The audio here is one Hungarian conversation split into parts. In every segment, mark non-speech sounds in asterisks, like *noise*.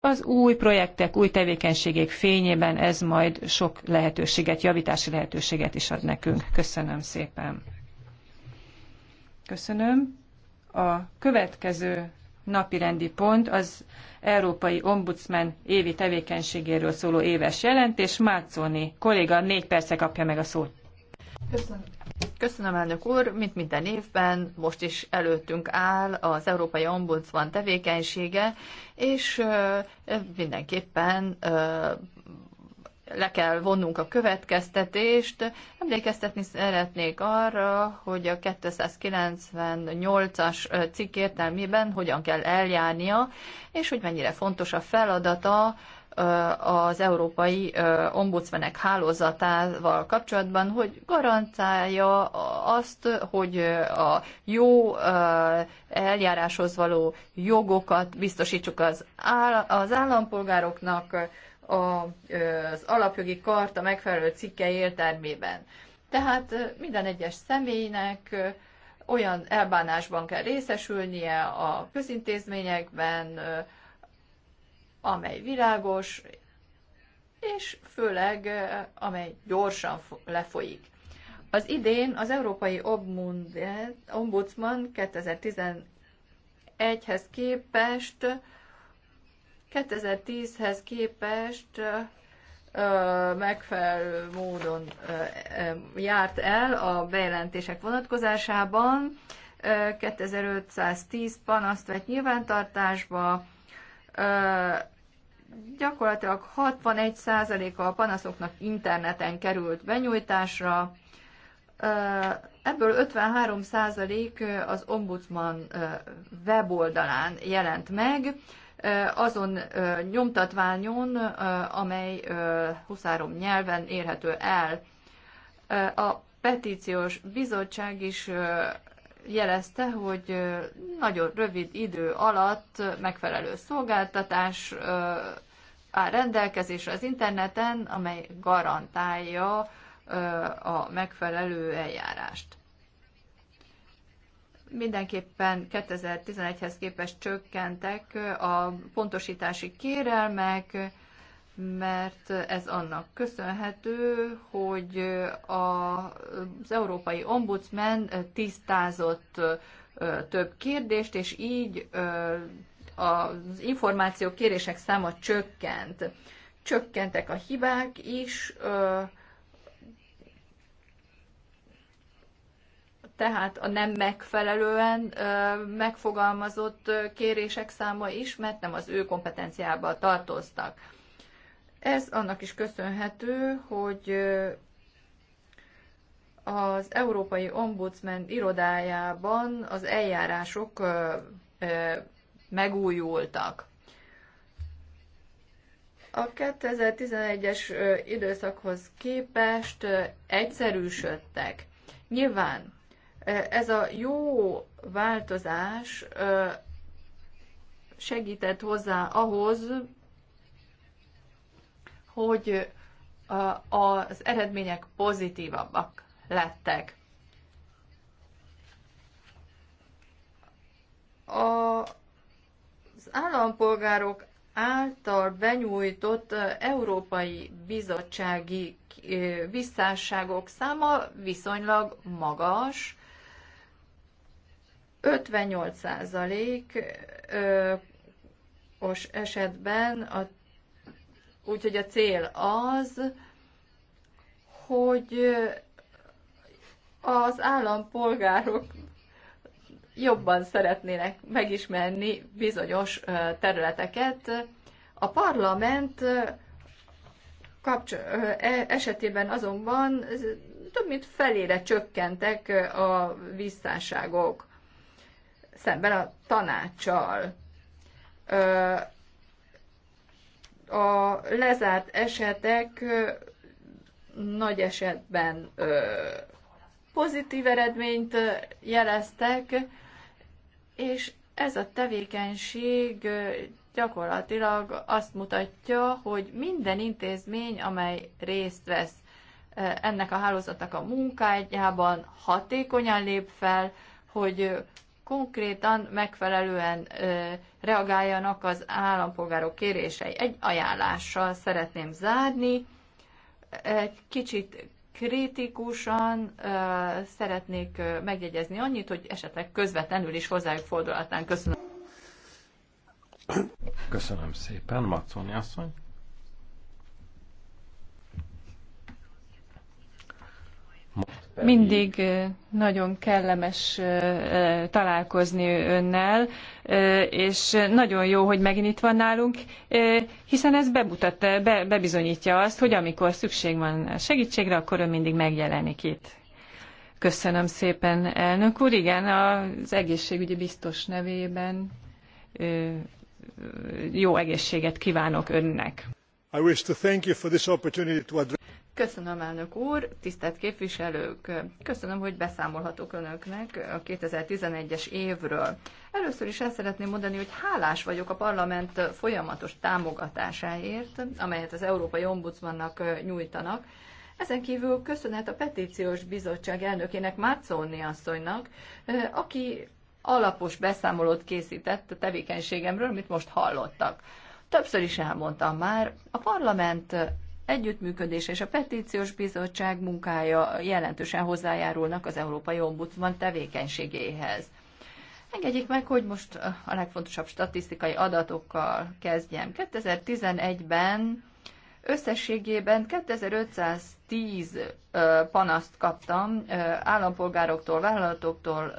Az új projektek, új tevékenységek fényében ez majd sok lehetőséget, javítási lehetőséget is ad nekünk. Köszönöm szépen. Köszönöm. A következő napi rendi pont az Európai Ombudsman évi tevékenységéről szóló éves jelentés. Márconi kolléga négy perce kapja meg a szót. Köszönöm. Köszönöm, elnök úr. Mint minden évben, most is előttünk áll az Európai Ombudsman tevékenysége, és mindenképpen le kell vonnunk a következtetést. Emlékeztetni szeretnék arra, hogy a 298-as cikk értelmében hogyan kell eljárnia, és hogy mennyire fontos a feladata, az európai ombudsmenek hálózatával kapcsolatban, hogy garantálja azt, hogy a jó eljáráshoz való jogokat biztosítsuk az, az állampolgároknak az alapjogi karta megfelelő cikke értelmében. Tehát minden egyes személynek olyan elbánásban kell részesülnie a közintézményekben, amely világos, és főleg eh, amely gyorsan lefolyik. Az idén az Európai Ombudsman 2011-hez képest 2010-hez képest eh, eh, megfelelő módon járt el a bejelentések vonatkozásában. 2510 panaszt vett nyilvántartásba, gyakorlatilag 61%-a a panaszoknak interneten került benyújtásra, ebből 53% az ombudsman weboldalán jelent meg, azon nyomtatványon, amely 23 nyelven érhető el. A petíciós bizottság is jelezte, hogy nagyon rövid idő alatt megfelelő szolgáltatás áll rendelkezésre az interneten, amely garantálja a megfelelő eljárást. Mindenképpen 2011-hez képest csökkentek a pontosítási kérelmek, mert ez annak köszönhető, hogy az Európai Ombudsman tisztázott több kérdést, és így az információ kérések száma csökkent. Csökkentek a hibák is, tehát a nem megfelelően megfogalmazott kérések száma is, mert nem az ő kompetenciába tartoztak ez annak is köszönhető, hogy az Európai Ombudsman irodájában az eljárások megújultak. A 2011-es időszakhoz képest egyszerűsödtek. Nyilván ez a jó változás segített hozzá ahhoz, hogy az eredmények pozitívabbak lettek. Az állampolgárok által benyújtott Európai Bizottsági visszásságok száma viszonylag magas, 58%-os esetben a Úgyhogy a cél az, hogy az állampolgárok jobban szeretnének megismerni bizonyos területeket. A parlament kapcs- e, esetében azonban több mint felére csökkentek a visszáságok szemben a tanácsal a lezárt esetek nagy esetben pozitív eredményt jeleztek, és ez a tevékenység gyakorlatilag azt mutatja, hogy minden intézmény, amely részt vesz ennek a hálózatnak a munkájában, hatékonyan lép fel, hogy konkrétan megfelelően ö, reagáljanak az állampolgárok kérései. Egy ajánlással szeretném zárni. Egy kicsit kritikusan ö, szeretnék ö, megjegyezni annyit, hogy esetleg közvetlenül is hozzájuk fordulhatnánk. Köszönöm. Köszönöm szépen, Maconi asszony. Mindig nagyon kellemes találkozni önnel, és nagyon jó, hogy megint itt van nálunk, hiszen ez bemutat, be, bebizonyítja azt, hogy amikor szükség van segítségre, akkor ön mindig megjelenik itt. Köszönöm szépen, elnök úr. Igen, az egészségügyi biztos nevében jó egészséget kívánok önnek. Köszönöm, elnök úr, tisztelt képviselők! Köszönöm, hogy beszámolhatok önöknek a 2011-es évről. Először is el szeretném mondani, hogy hálás vagyok a parlament folyamatos támogatásáért, amelyet az Európai Ombudsmannak nyújtanak. Ezen kívül köszönet a petíciós bizottság elnökének Márcóni asszonynak, aki alapos beszámolót készített a tevékenységemről, amit most hallottak. Többször is elmondtam már, a parlament együttműködés és a petíciós bizottság munkája jelentősen hozzájárulnak az Európai Ombudsman tevékenységéhez. Engedjék meg, hogy most a legfontosabb statisztikai adatokkal kezdjem. 2011-ben összességében 2510 panaszt kaptam állampolgároktól, vállalatoktól,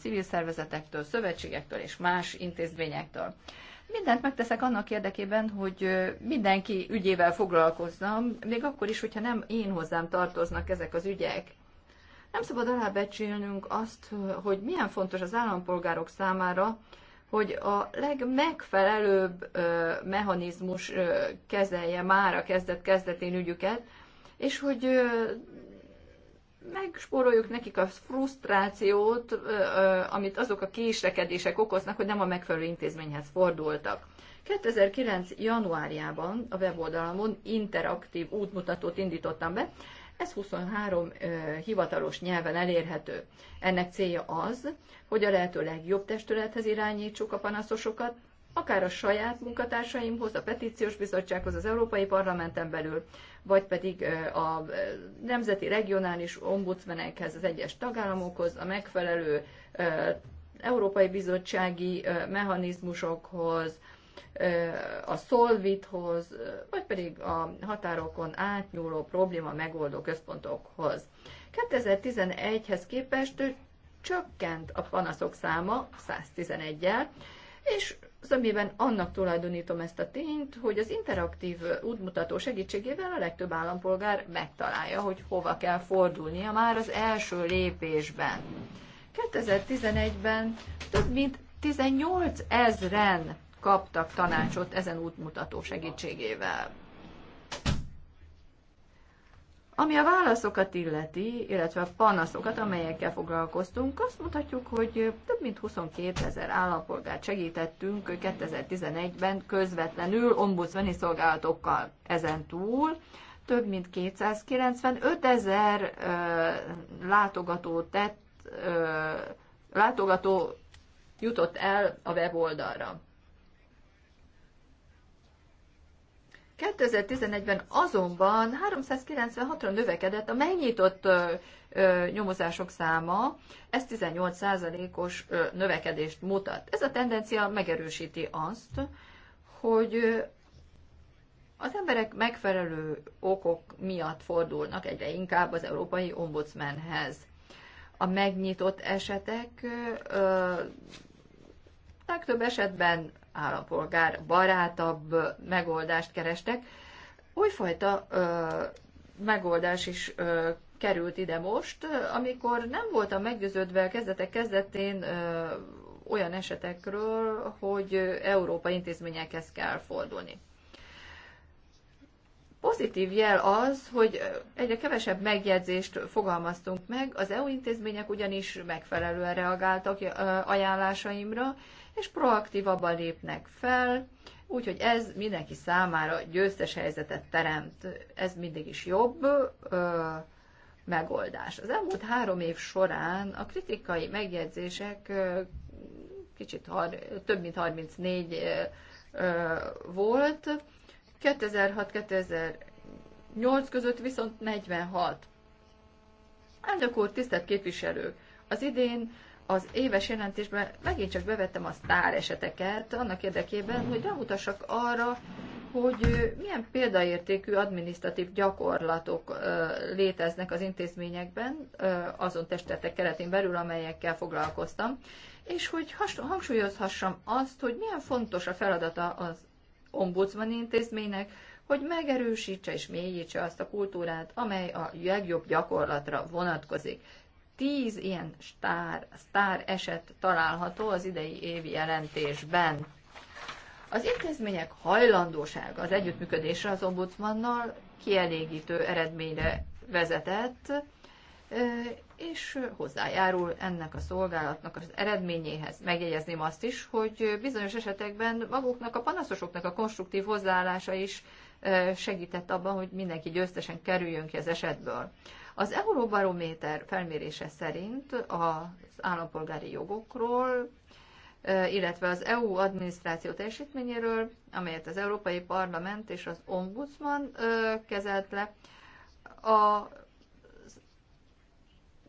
civil szervezetektől, szövetségektől és más intézményektől mindent megteszek annak érdekében, hogy mindenki ügyével foglalkozzam, még akkor is, hogyha nem én hozzám tartoznak ezek az ügyek. Nem szabad alábecsülnünk azt, hogy milyen fontos az állampolgárok számára, hogy a legmegfelelőbb mechanizmus kezelje már a kezdet-kezdetén ügyüket, és hogy megspóroljuk nekik a frusztrációt, amit azok a késlekedések okoznak, hogy nem a megfelelő intézményhez fordultak. 2009. januárjában a weboldalamon interaktív útmutatót indítottam be, ez 23 hivatalos nyelven elérhető. Ennek célja az, hogy a lehető legjobb testülethez irányítsuk a panaszosokat, akár a saját munkatársaimhoz, a petíciós bizottsághoz, az Európai Parlamenten belül, vagy pedig a nemzeti regionális ombudsmenekhez, az egyes tagállamokhoz, a megfelelő Európai Bizottsági mechanizmusokhoz, a szolvithoz, vagy pedig a határokon átnyúló probléma megoldó központokhoz. 2011-hez képest csökkent a panaszok száma 111-el, és Személyben annak tulajdonítom ezt a tényt, hogy az interaktív útmutató segítségével a legtöbb állampolgár megtalálja, hogy hova kell fordulnia már az első lépésben. 2011-ben több mint 18 ezren kaptak tanácsot ezen útmutató segítségével. Ami a válaszokat illeti, illetve a panaszokat, amelyekkel foglalkoztunk, azt mutatjuk, hogy több mint 22 ezer állampolgárt segítettünk 2011-ben közvetlenül ombudsmani szolgálatokkal ezen túl. Több mint 295 ezer látogató tett, ö, látogató jutott el a weboldalra. 2011-ben azonban 396-ra növekedett a megnyitott nyomozások száma, ez 18%-os növekedést mutat. Ez a tendencia megerősíti azt, hogy az emberek megfelelő okok miatt fordulnak egyre inkább az Európai Ombudsmanhez. A megnyitott esetek legtöbb esetben állampolgár barátabb megoldást kerestek. Újfajta ö, megoldás is ö, került ide most, amikor nem voltam meggyőződve kezdetek kezdetén ö, olyan esetekről, hogy Európa intézményekhez kell fordulni. Pozitív jel az, hogy egyre kevesebb megjegyzést fogalmaztunk meg, az EU intézmények ugyanis megfelelően reagáltak ajánlásaimra, és proaktívabban lépnek fel, úgyhogy ez mindenki számára győztes helyzetet teremt. Ez mindig is jobb ö, megoldás. Az elmúlt három év során a kritikai megjegyzések ö, kicsit har, több mint 34 ö, volt, 2006-2008 között viszont 46. Elnök úr, tisztelt képviselő. Az idén az éves jelentésben megint csak bevettem a sztár eseteket, annak érdekében, hogy bemutassak arra, hogy milyen példaértékű adminisztratív gyakorlatok léteznek az intézményekben, azon testetek keretén belül, amelyekkel foglalkoztam, és hogy hangsúlyozhassam azt, hogy milyen fontos a feladata az ombudsman intézménynek, hogy megerősítse és mélyítse azt a kultúrát, amely a legjobb gyakorlatra vonatkozik. Tíz ilyen sztár, sztár eset található az idei évi jelentésben. Az intézmények hajlandósága az együttműködésre az ombudsmannal kielégítő eredményre vezetett, és hozzájárul ennek a szolgálatnak az eredményéhez. Megjegyezném azt is, hogy bizonyos esetekben maguknak, a panaszosoknak a konstruktív hozzáállása is segített abban, hogy mindenki győztesen kerüljön ki az esetből. Az Euróbarométer felmérése szerint az állampolgári jogokról, illetve az EU adminisztráció teljesítményéről, amelyet az Európai Parlament és az Ombudsman kezelt le, a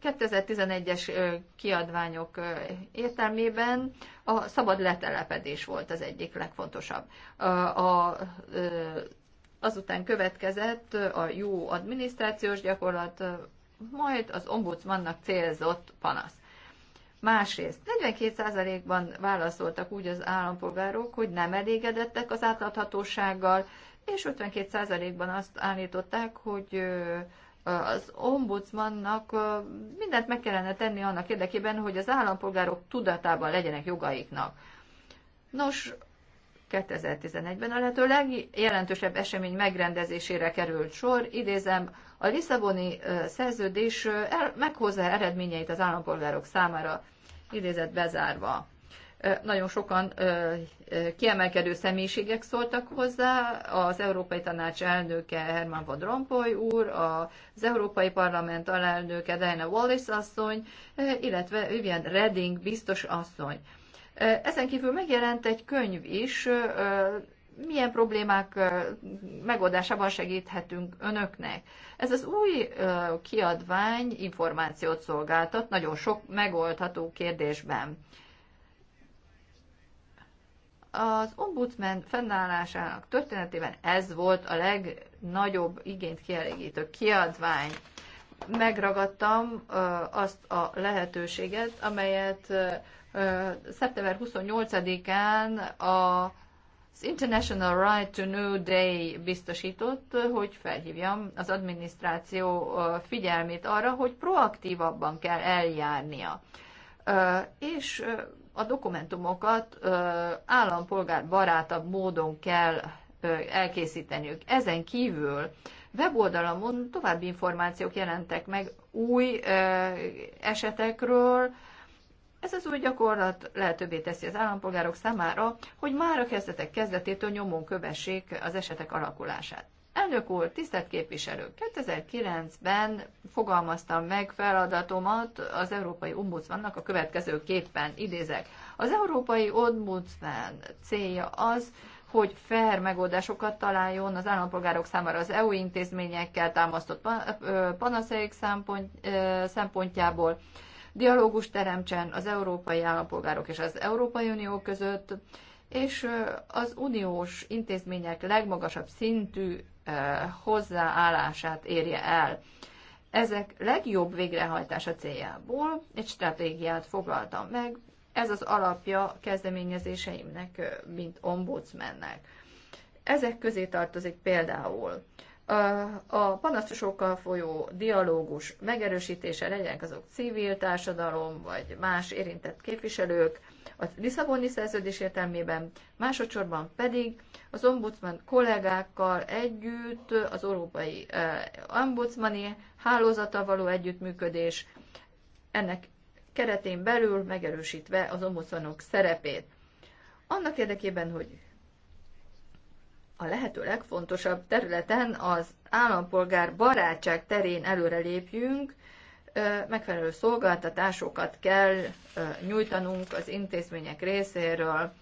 2011-es kiadványok értelmében a szabad letelepedés volt az egyik legfontosabb. A azután következett a jó adminisztrációs gyakorlat, majd az ombudsmannak célzott panasz. Másrészt 42%-ban válaszoltak úgy az állampolgárok, hogy nem elégedettek az átláthatósággal, és 52%-ban azt állították, hogy az ombudsmannak mindent meg kellene tenni annak érdekében, hogy az állampolgárok tudatában legyenek jogaiknak. Nos, 2011-ben a lehető legjelentősebb esemény megrendezésére került sor, idézem, a Lisszaboni szerződés el, meghozza eredményeit az állampolgárok számára, idézet bezárva. Nagyon sokan kiemelkedő személyiségek szóltak hozzá, az Európai Tanács elnöke Herman Van Rompuy úr, az Európai Parlament alelnöke Diana Wallis asszony, illetve Vivian Redding biztos asszony. Ezen kívül megjelent egy könyv is, milyen problémák megoldásában segíthetünk önöknek. Ez az új kiadvány információt szolgáltat nagyon sok megoldható kérdésben. Az ombudsman fennállásának történetében ez volt a legnagyobb igényt kielégítő kiadvány. Megragadtam azt a lehetőséget, amelyet szeptember 28-án a az International Right to Know Day biztosított, hogy felhívjam az adminisztráció figyelmét arra, hogy proaktívabban kell eljárnia. És a dokumentumokat állampolgár barátabb módon kell elkészíteniük. Ezen kívül weboldalamon további információk jelentek meg új esetekről, ez az új gyakorlat lehetővé teszi az állampolgárok számára, hogy már a kezdetek kezdetétől nyomon kövessék az esetek alakulását. Elnök úr, tisztelt képviselők, 2009-ben fogalmaztam meg feladatomat az Európai Ombudsmannak a következőképpen, idézek. Az Európai Ombudsman célja az, hogy fair megoldásokat találjon az állampolgárok számára az EU intézményekkel támasztott panaszaik szempontjából, dialógus teremtsen az európai állampolgárok és az Európai Unió között, és az uniós intézmények legmagasabb szintű hozzáállását érje el. Ezek legjobb végrehajtása céljából egy stratégiát foglaltam meg, ez az alapja kezdeményezéseimnek, mint ombudsmannek. Ezek közé tartozik például a panaszosokkal folyó dialógus megerősítése legyenek azok civil társadalom, vagy más érintett képviselők, a Lisszaboni szerződés értelmében, másodszorban pedig az ombudsman kollégákkal együtt az európai e, ombudsmani hálózata való együttműködés, ennek keretén belül megerősítve az ombudsmanok szerepét. Annak érdekében, hogy a lehető legfontosabb területen, az állampolgár barátság terén előrelépjünk, megfelelő szolgáltatásokat kell nyújtanunk az intézmények részéről.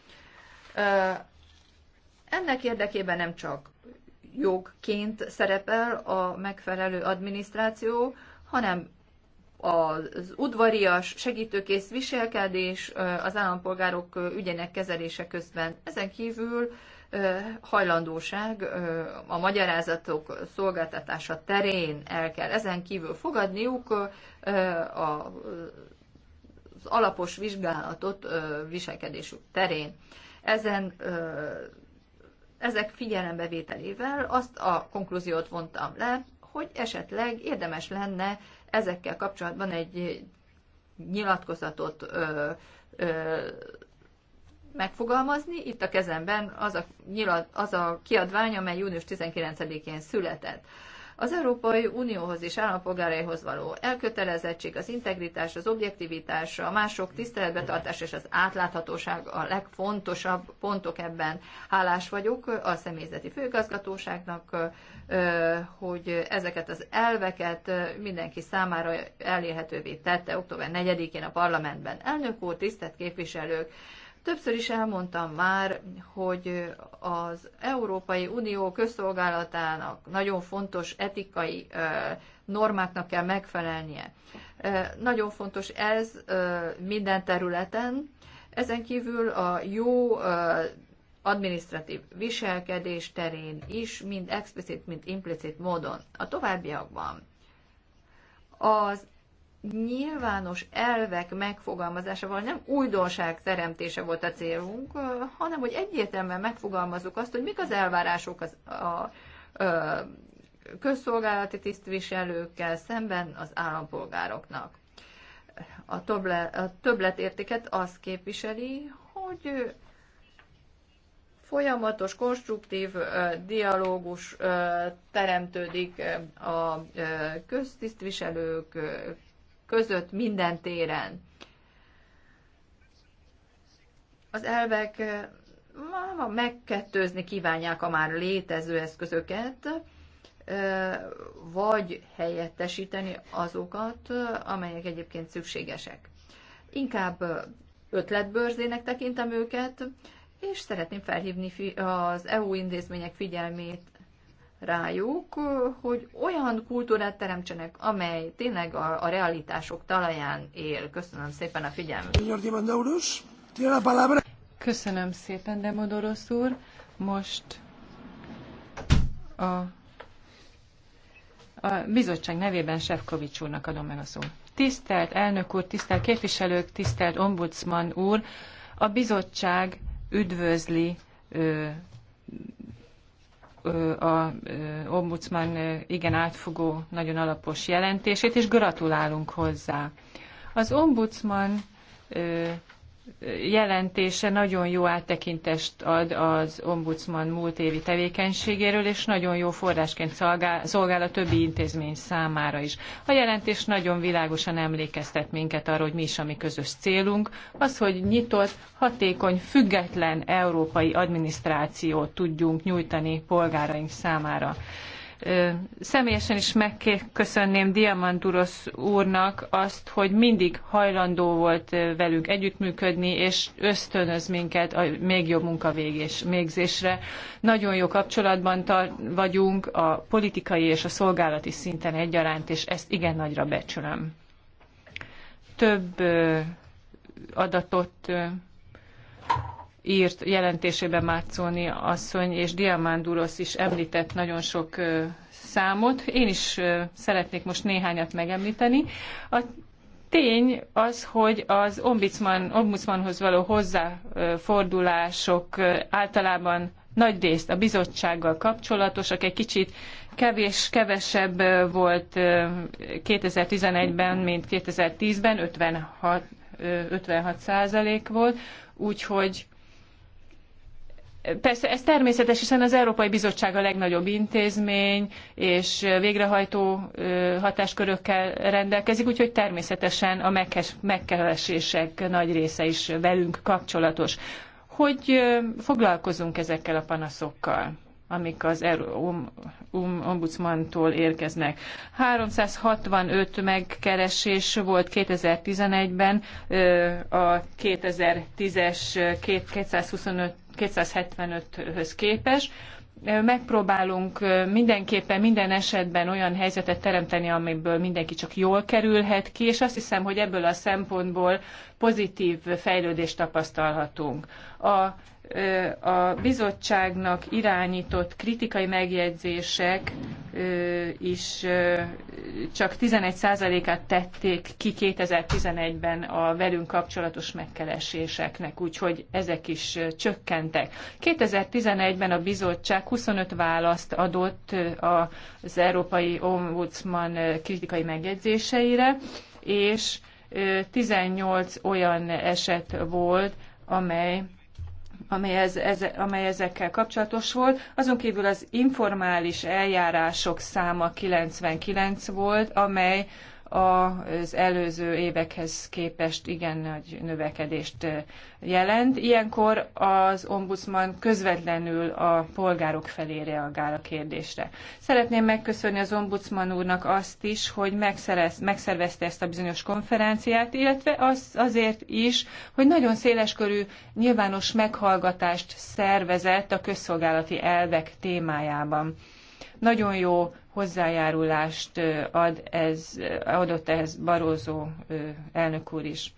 Ennek érdekében nem csak jogként szerepel a megfelelő adminisztráció, hanem az udvarias, segítőkész viselkedés az állampolgárok ügyének kezelése közben. Ezen kívül hajlandóság a magyarázatok szolgáltatása terén el kell ezen kívül fogadniuk az alapos vizsgálatot viselkedésük terén. Ezen ezek figyelembevételével azt a konklúziót vontam le, hogy esetleg érdemes lenne ezekkel kapcsolatban egy nyilatkozatot ö, ö, megfogalmazni. Itt a kezemben az a, nyilat, az a kiadvány, amely június 19-én született. Az Európai Unióhoz és állampolgáraihoz való elkötelezettség, az integritás, az objektivitás, a mások tiszteletbetartás és az átláthatóság a legfontosabb pontok ebben. Hálás vagyok a személyzeti főigazgatóságnak, hogy ezeket az elveket mindenki számára elérhetővé tette október 4-én a parlamentben. Elnök úr, tisztelt képviselők! Többször is elmondtam már, hogy az Európai Unió közszolgálatának nagyon fontos etikai normáknak kell megfelelnie. Nagyon fontos ez minden területen. Ezen kívül a jó administratív viselkedés terén is, mind explicit, mind implicit módon. A továbbiakban az nyilvános elvek megfogalmazásával nem újdonság teremtése volt a célunk, hanem hogy egyértelműen megfogalmazzuk azt, hogy mik az elvárások az, a, a, a közszolgálati tisztviselőkkel szemben az állampolgároknak. A, töble, a többletértéket azt képviseli, hogy folyamatos, konstruktív dialógus teremtődik a köztisztviselők között minden téren. Az elvek eh, megkettőzni kívánják a már létező eszközöket, eh, vagy helyettesíteni azokat, amelyek egyébként szükségesek. Inkább ötletbőrzének tekintem őket, és szeretném felhívni az EU intézmények figyelmét rájuk, hogy olyan kultúrát teremtsenek, amely tényleg a, a realitások talaján él. Köszönöm szépen a figyelmet. Köszönöm szépen, Demodorosz úr. Most a, a bizottság nevében Sefkovics úrnak adom meg a szót. Tisztelt elnök úr, tisztelt képviselők, tisztelt ombudsman úr, a bizottság üdvözli ö, a ombudsman igen átfogó, nagyon alapos jelentését, és gratulálunk hozzá. Az ombudsman jelentése nagyon jó áttekintést ad az ombudsman múlt évi tevékenységéről, és nagyon jó forrásként szolgál, szolgál a többi intézmény számára is. A jelentés nagyon világosan emlékeztet minket arra, hogy mi is a mi közös célunk, az, hogy nyitott, hatékony, független európai adminisztrációt tudjunk nyújtani polgáraink számára. Személyesen is megköszönném Diamandurosz úrnak azt, hogy mindig hajlandó volt velünk együttműködni, és ösztönöz minket a még jobb munkavégés végzésre. Nagyon jó kapcsolatban vagyunk a politikai és a szolgálati szinten egyaránt, és ezt igen nagyra becsülöm. Több adatot írt jelentésében Mátszóni asszony és Diamandurosz is említett nagyon sok számot. Én is szeretnék most néhányat megemlíteni. A tény az, hogy az ombudsman, ombudsmanhoz való hozzáfordulások általában nagy részt a bizottsággal kapcsolatosak, egy kicsit kevés, kevesebb volt 2011-ben, mint 2010-ben, 56, 56 százalék volt, úgyhogy Persze ez természetes, hiszen az Európai Bizottság a legnagyobb intézmény, és végrehajtó hatáskörökkel rendelkezik, úgyhogy természetesen a megkeresések nagy része is velünk kapcsolatos. Hogy foglalkozunk ezekkel a panaszokkal? amik az um, um, ombudsmantól érkeznek. 365 megkeresés volt 2011-ben, a 2010-es 225 275-höz képes. Megpróbálunk mindenképpen minden esetben olyan helyzetet teremteni, amiből mindenki csak jól kerülhet ki, és azt hiszem, hogy ebből a szempontból pozitív fejlődést tapasztalhatunk. A a bizottságnak irányított kritikai megjegyzések is csak 11%-át tették ki 2011-ben a velünk kapcsolatos megkereséseknek, úgyhogy ezek is csökkentek. 2011-ben a bizottság 25 választ adott az Európai Ombudsman kritikai megjegyzéseire, és 18 olyan eset volt, amely amely, ez, ez, amely ezekkel kapcsolatos volt. Azon kívül az informális eljárások száma 99 volt, amely az előző évekhez képest igen nagy növekedést jelent. Ilyenkor az ombudsman közvetlenül a polgárok felé reagál a kérdésre. Szeretném megköszönni az ombudsman úrnak azt is, hogy megszerez, megszervezte ezt a bizonyos konferenciát, illetve az, azért is, hogy nagyon széleskörű nyilvános meghallgatást szervezett a közszolgálati elvek témájában. Nagyon jó hozzájárulást ad ez, adott ehhez Barózó elnök úr is.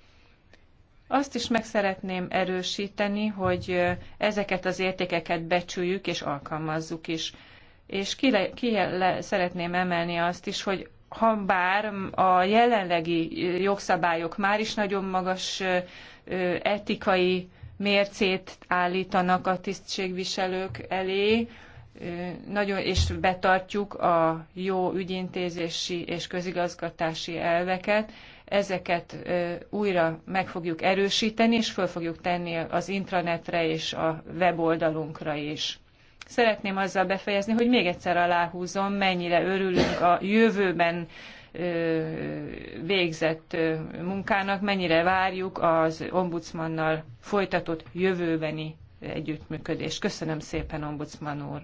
Azt is meg szeretném erősíteni, hogy ezeket az értékeket becsüljük és alkalmazzuk is. És ki, le, ki le, szeretném emelni azt is, hogy ha bár a jelenlegi jogszabályok már is nagyon magas etikai mércét állítanak a tisztségviselők elé, nagyon, és betartjuk a jó ügyintézési és közigazgatási elveket. Ezeket újra meg fogjuk erősíteni, és föl fogjuk tenni az intranetre és a weboldalunkra is. Szeretném azzal befejezni, hogy még egyszer aláhúzom, mennyire örülünk a jövőben végzett munkának, mennyire várjuk az ombudsmannal folytatott jövőbeni együttműködést. Köszönöm szépen, ombudsman úr!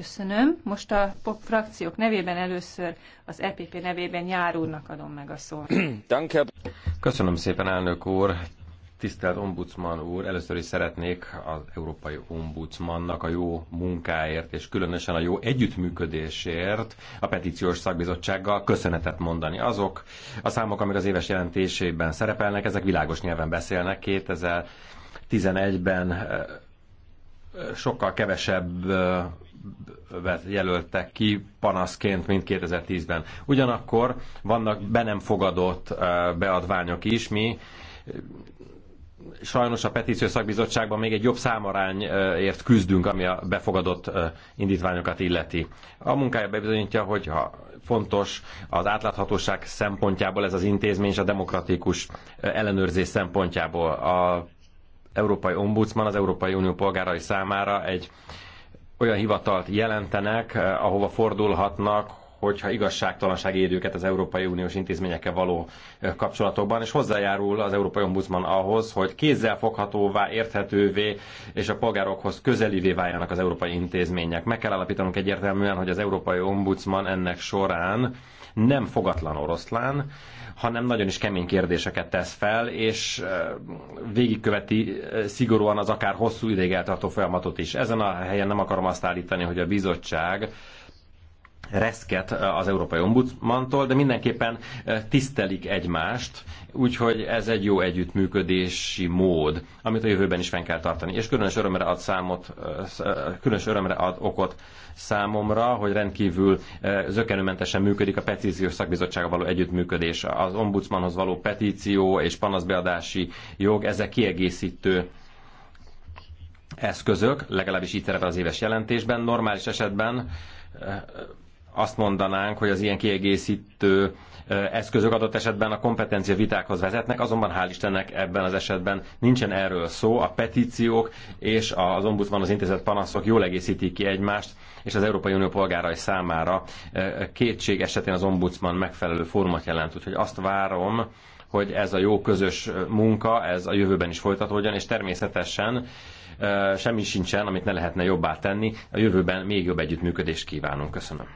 Köszönöm. Most a pop frakciók nevében először az EPP nevében Jár úrnak adom meg a szót. *clears throat* Köszönöm szépen, elnök úr. Tisztelt Ombudsman úr, először is szeretnék az Európai Ombudsmannak a jó munkáért, és különösen a jó együttműködésért a petíciós szakbizottsággal köszönetet mondani. Azok a számok, amik az éves jelentésében szerepelnek, ezek világos nyelven beszélnek. 2011-ben eh, sokkal kevesebb eh, jelöltek ki panaszként, mint 2010-ben. Ugyanakkor vannak be nem fogadott beadványok is, mi sajnos a petíció szakbizottságban még egy jobb számarányért küzdünk, ami a befogadott indítványokat illeti. A munkája bebizonyítja, hogy ha fontos az átláthatóság szempontjából ez az intézmény és a demokratikus ellenőrzés szempontjából. A Európai Ombudsman az Európai Unió polgárai számára egy olyan hivatalt jelentenek, eh, ahova fordulhatnak, hogyha igazságtalanság éri őket az Európai Uniós intézményekkel való eh, kapcsolatokban, és hozzájárul az Európai Ombudsman ahhoz, hogy kézzelfoghatóvá, érthetővé és a polgárokhoz közelivé váljanak az európai intézmények. Meg kell állapítanunk egyértelműen, hogy az Európai Ombudsman ennek során nem fogatlan oroszlán, hanem nagyon is kemény kérdéseket tesz fel, és végigköveti szigorúan az akár hosszú ideig eltartó folyamatot is. Ezen a helyen nem akarom azt állítani, hogy a bizottság reszket az Európai Ombudsmantól, de mindenképpen tisztelik egymást, úgyhogy ez egy jó együttműködési mód, amit a jövőben is fenn kell tartani. És különös örömre ad számot, különös örömre ad okot számomra, hogy rendkívül zökenőmentesen működik a petíciós szakbizottsága való együttműködés. Az ombudsmanhoz való petíció és panaszbeadási jog, ezek kiegészítő eszközök, legalábbis így szerepel az éves jelentésben. Normális esetben azt mondanánk, hogy az ilyen kiegészítő eszközök adott esetben a kompetencia vitákhoz vezetnek, azonban hál' Istennek ebben az esetben nincsen erről szó. A petíciók és az ombudsman az intézet panaszok jól egészítik ki egymást, és az Európai Unió polgárai számára kétség esetén az ombudsman megfelelő formát jelent. Úgyhogy azt várom, hogy ez a jó közös munka, ez a jövőben is folytatódjon, és természetesen semmi sincsen, amit ne lehetne jobbá tenni. A jövőben még jobb együttműködést kívánunk. Köszönöm.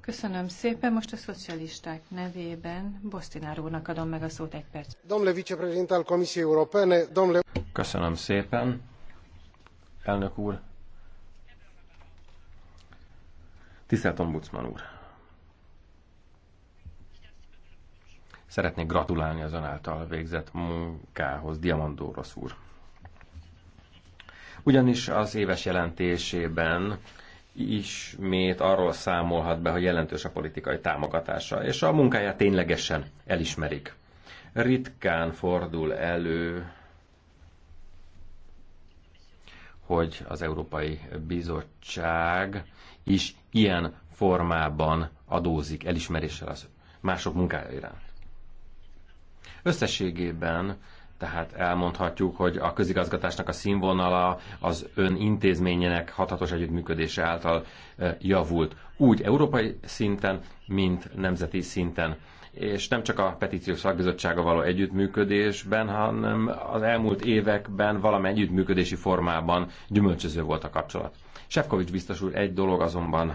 Köszönöm szépen, most a szocialisták nevében Bostinár úrnak adom meg a szót egy perc. Domnule vicepreședinte al Comisiei Europene, domnule... Köszönöm szépen, elnök úr. Tisztelt Ombudsman úr. Szeretnék gratulálni az ön által végzett munkához, Diamandóros úr ugyanis az éves jelentésében ismét arról számolhat be, hogy jelentős a politikai támogatása, és a munkáját ténylegesen elismerik. Ritkán fordul elő, hogy az Európai Bizottság is ilyen formában adózik elismeréssel az mások munkája iránt. Összességében tehát elmondhatjuk, hogy a közigazgatásnak a színvonala az ön intézményének hatatos együttműködése által javult. Úgy európai szinten, mint nemzeti szinten és nem csak a petíciós szakbizottsága való együttműködésben, hanem az elmúlt években valami együttműködési formában gyümölcsöző volt a kapcsolat. Sefkovics biztos úr, egy dolog azonban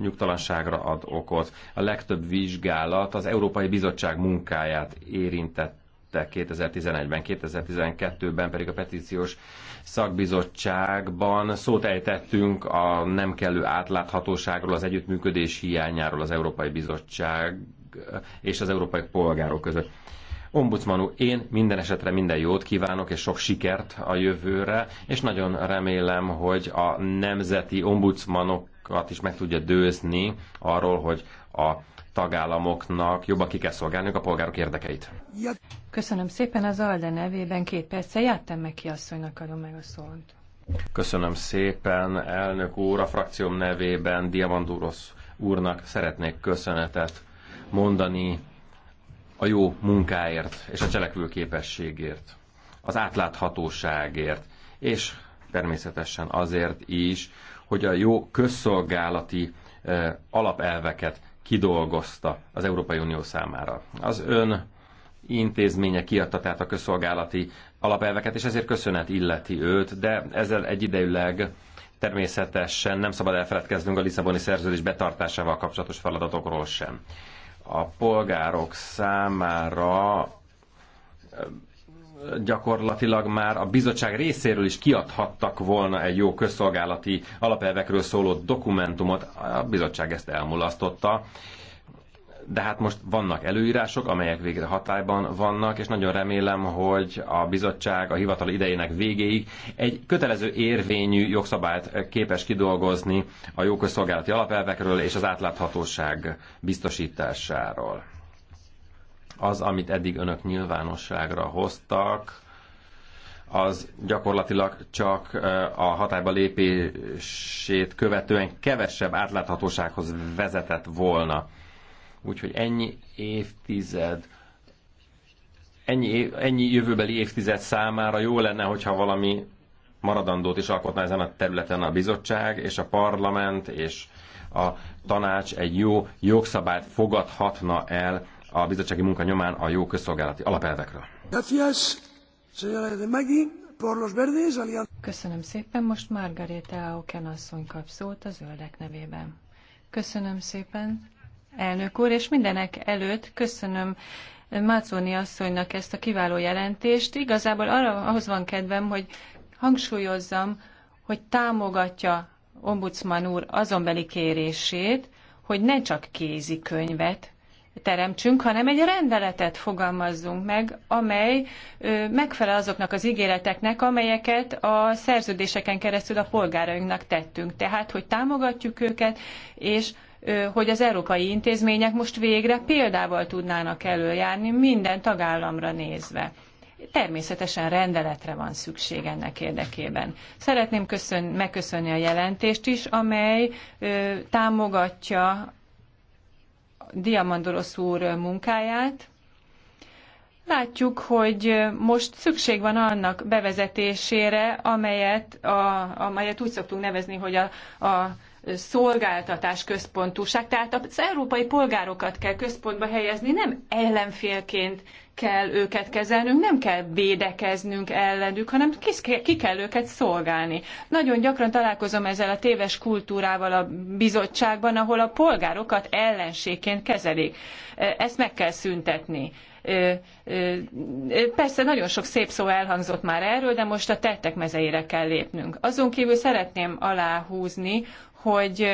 nyugtalanságra ad okot. A legtöbb vizsgálat az Európai Bizottság munkáját érintett tette 2011-ben, 2012-ben pedig a petíciós szakbizottságban szót ejtettünk a nem kellő átláthatóságról, az együttműködés hiányáról az Európai Bizottság eh, és az európai polgárok között. Ombudsman úr, én minden esetre minden jót kívánok, és sok sikert a jövőre, és nagyon remélem, hogy a nemzeti ombudsmanokat is meg tudja dőzni arról, hogy a tagállamoknak jobban ki kell szolgálniuk a polgárok érdekeit. Köszönöm szépen az ALDE nevében. Két perccel jártam meg ki asszonynak, adom meg a szót. Köszönöm szépen, elnök úr, a frakcióm nevében Diamandurosz úrnak szeretnék köszönetet mondani a jó munkáért és a cselekvőképességért, az átláthatóságért, és természetesen azért is, hogy a jó közszolgálati eh, alapelveket kidolgozta az Európai Unió számára. Az ön intézménye kiadta tehát a közszolgálati alapelveket, és ezért köszönet illeti őt, de ezzel egyidejűleg természetesen nem szabad elfeledkeznünk a Lisszaboni szerződés betartásával kapcsolatos feladatokról sem. A polgárok számára gyakorlatilag már a bizottság részéről is kiadhattak volna egy jó közszolgálati alapelvekről szóló dokumentumot, a bizottság ezt elmulasztotta. De hát most vannak előírások, amelyek végre hatályban vannak, és nagyon remélem, hogy a bizottság a hivatal idejének végéig egy kötelező érvényű jogszabályt képes kidolgozni a jó közszolgálati alapelvekről és az átláthatóság biztosításáról. Az, amit eddig önök nyilvánosságra hoztak, az gyakorlatilag csak eh, a hatályba lépését követően kevesebb átláthatósághoz vezetett volna. Úgyhogy ennyi évtized, ennyi, ennyi jövőbeli évtized számára jó lenne, hogyha valami maradandót is alkotna ezen a területen a bizottság és a parlament és a tanács egy jó jogszabályt fogadhatna el a bizottsági munka nyomán a jó közszolgálati alapelvekről. Köszönöm szépen, most Margarita Auken asszony kap szót a zöldek nevében. Köszönöm szépen, elnök úr, és mindenek előtt köszönöm Mácóni asszonynak ezt a kiváló jelentést. Igazából arra, ahhoz van kedvem, hogy hangsúlyozzam, hogy támogatja ombudsman úr azonbeli kérését, hogy ne csak kézikönyvet teremtsünk, hanem egy rendeletet fogalmazzunk meg, amely megfelel azoknak az ígéreteknek, amelyeket a szerződéseken keresztül a polgárainknak tettünk. Tehát, hogy támogatjuk őket, és hogy az európai intézmények most végre példával tudnának előjárni minden tagállamra nézve. Természetesen rendeletre van szükség ennek érdekében. Szeretném köszön, megköszönni a jelentést is, amely ö, támogatja Diamandorosz úr munkáját. Látjuk, hogy most szükség van annak bevezetésére, amelyet, a, amelyet úgy szoktunk nevezni, hogy a, a szolgáltatás központúság, tehát az európai polgárokat kell központba helyezni, nem ellenfélként kell őket kezelnünk, nem kell védekeznünk ellenük, hanem ki kell őket szolgálni. Nagyon gyakran találkozom ezzel a téves kultúrával a bizottságban, ahol a polgárokat ellenségként kezelik. Ezt meg kell szüntetni. Persze nagyon sok szép szó elhangzott már erről, de most a tettek mezeire kell lépnünk. Azon kívül szeretném aláhúzni, hogy